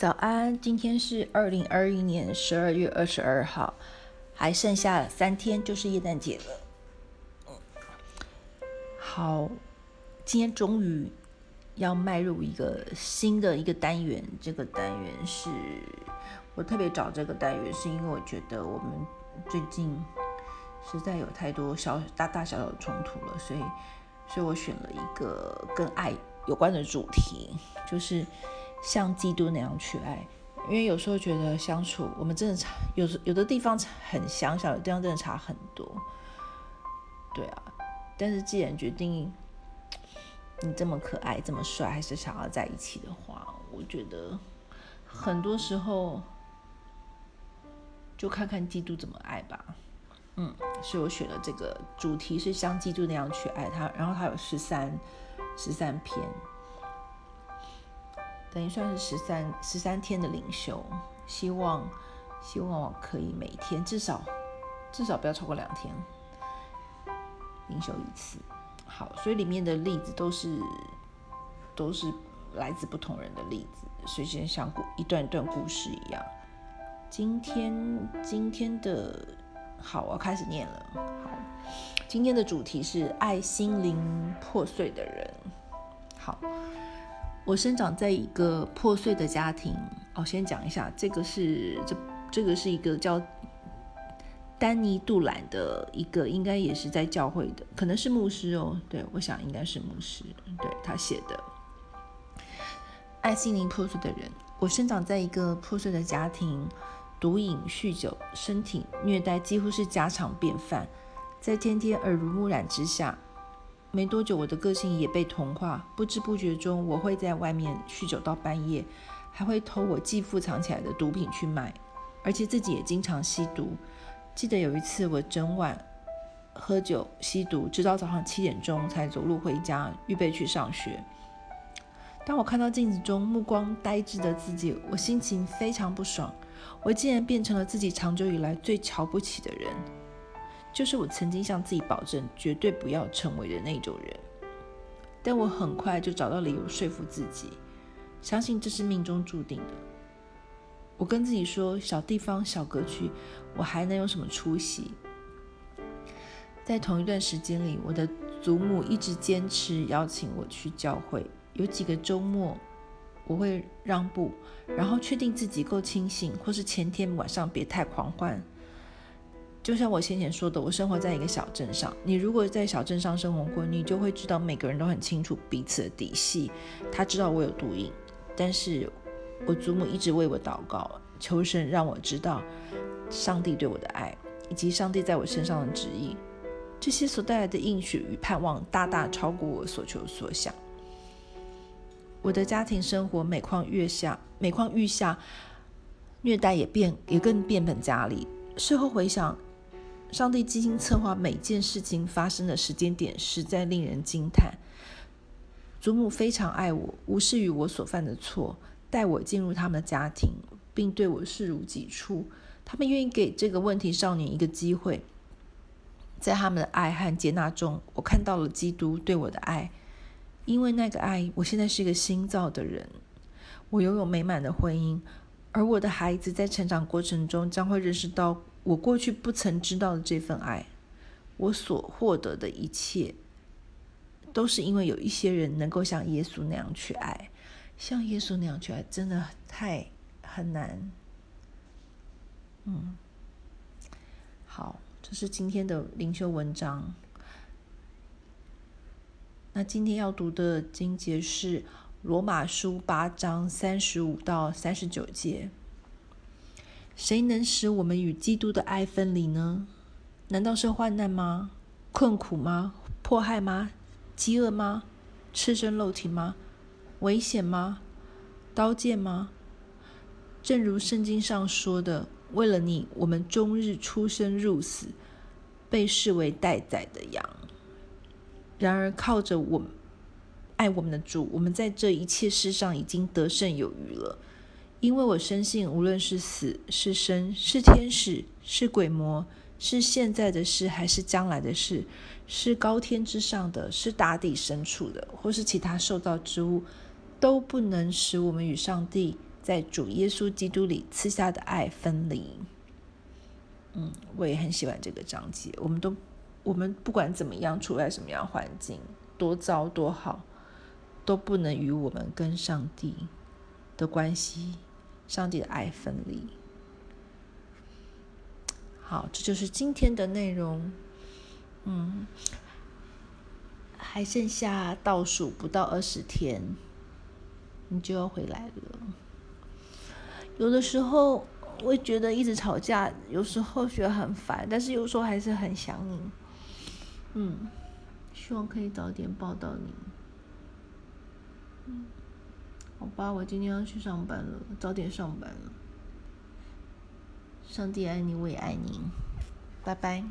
早安，今天是二零二一年十二月二十二號，還剩下三天就是聖誕節了。嗯，好，今天終於要邁入一個新的一個單元，這個單元是我特別找這個單元，是因為我覺得我們最近實在有太多小大大小小的衝突了，所以，所以我選了一個跟愛有關的主題，就是。像基督那樣去愛，因為有時候覺得相處，我們真的差，有有的地方很像，有的地方真的差很多。對啊，但是既然決定你這麼可愛、這麼帥，還是想要在一起的話，我覺得很多時候就看看基督怎麼愛吧。嗯，所以我選了這個主題是像基督那樣去愛他，然後他有十三十三篇。等於算是十三十三天的靈修，希望希望我可以每天至少至少不要超過兩天靈修一次。好，所以裡面的例子都是都是來自不同人的例子，所以就像一段一段故事一樣。今天今天的，好，我要開始念了。好，今天的主題是愛心靈破碎的人。好。我生長在一個破碎的家庭。哦，先講一下，這個是這這個是一個叫丹尼杜蘭的一個，應該也是在教會的，可能是牧師哦。對，我想應該是牧師。對，他寫的，《愛心靈破碎的人》，我生長在一個破碎的家庭，毒癮、酗酒、身體虐待幾乎是家常便飯，在天天耳濡目染之下。沒多久，我的個性也被同化。不知不覺中，我會在外面酗酒到半夜，還會偷我繼父藏起來的毒品去賣，而且自己也經常吸毒。記得有一次，我整晚喝酒吸毒，直到早上七點鐘才走路回家，預備去上學。當我看到鏡子中目光呆滯的自己，我心情非常不爽。我竟然變成了自己長久以來最瞧不起的人。就是我曾經向自己保證絕對不要成為的那種人，但我很快就找到了理由說服自己，相信這是命中注定的。我跟自己說，小地方、小格局，我還能有什麼出息？在同一段時間裡，我的祖母一直堅持邀請我去教會，有幾個週末我會讓步，然後確定自己夠清醒，或是前天晚上別太狂歡。就像我先前說的，我生活在一個小鎮上。你如果在小鎮上生活過，你就會知道，每個人都很清楚彼此的底細。他知道我有毒癮，但是我祖母一直為我禱告，求神讓我知道上帝對我的愛以及上帝在我身上的旨意。這些所帶來的應許與盼望大大超過我所求所想。我的家庭生活每況愈下，每況愈下，虐待也變也更變本加厲。事後回想，上帝精心策劃每件事情發生的時間點，實在令人驚嘆。祖母非常愛我，無視於我所犯的錯，帶我進入他們的家庭，並對我視如己出。他們願意給這個問題少年一個機會，在他們的愛和接納中，我看到了基督對我的愛。因為那個愛，我現在是一個新造的人。我擁有美滿的婚姻，而我的孩子在成長過程中將會認識到。我過去不曾知道的這份愛，我所獲得的一切，都是因為有一些人能夠像耶穌那樣去愛，像耶穌那樣去愛，真的太，很難。嗯，好，這是今天的靈修文章。那今天要讀的經節是《羅馬書》八章三十五到三十九節。誰能使我們與基督的愛分離呢？難道是患難嗎？困苦嗎？迫害嗎？飢餓嗎？赤身露體嗎？危險嗎？刀劍嗎？正如聖經上說的：“為了你，我們終日出生入死，被視為待宰的羊。”然而，靠着我愛我們的主，我們在這一切事上已經得勝有餘了。因為我深信，無論是死是生，是天使是鬼魔，是現在的事還是將來的事，是高天之上的是大地深處的，或是其他受造之物，都不能使我們與上帝在主耶穌基督裡賜下的愛分離。嗯，我也很喜歡這個章節。我們都，我們不管怎麼樣，處在什麼樣環境，多糟多好，都不能與我們跟上帝的關係。上帝的愛，分離。好，這就是今天的內容。嗯，還剩下倒數不到二十天，你就要回來了。有的時候會覺得一直吵架，有時候覺得很煩，但是有時候還是很想你。嗯，希望可以早點抱到你。嗯。好吧，我今天要去上班了，早點上班了。上帝愛你，我也愛你。拜拜。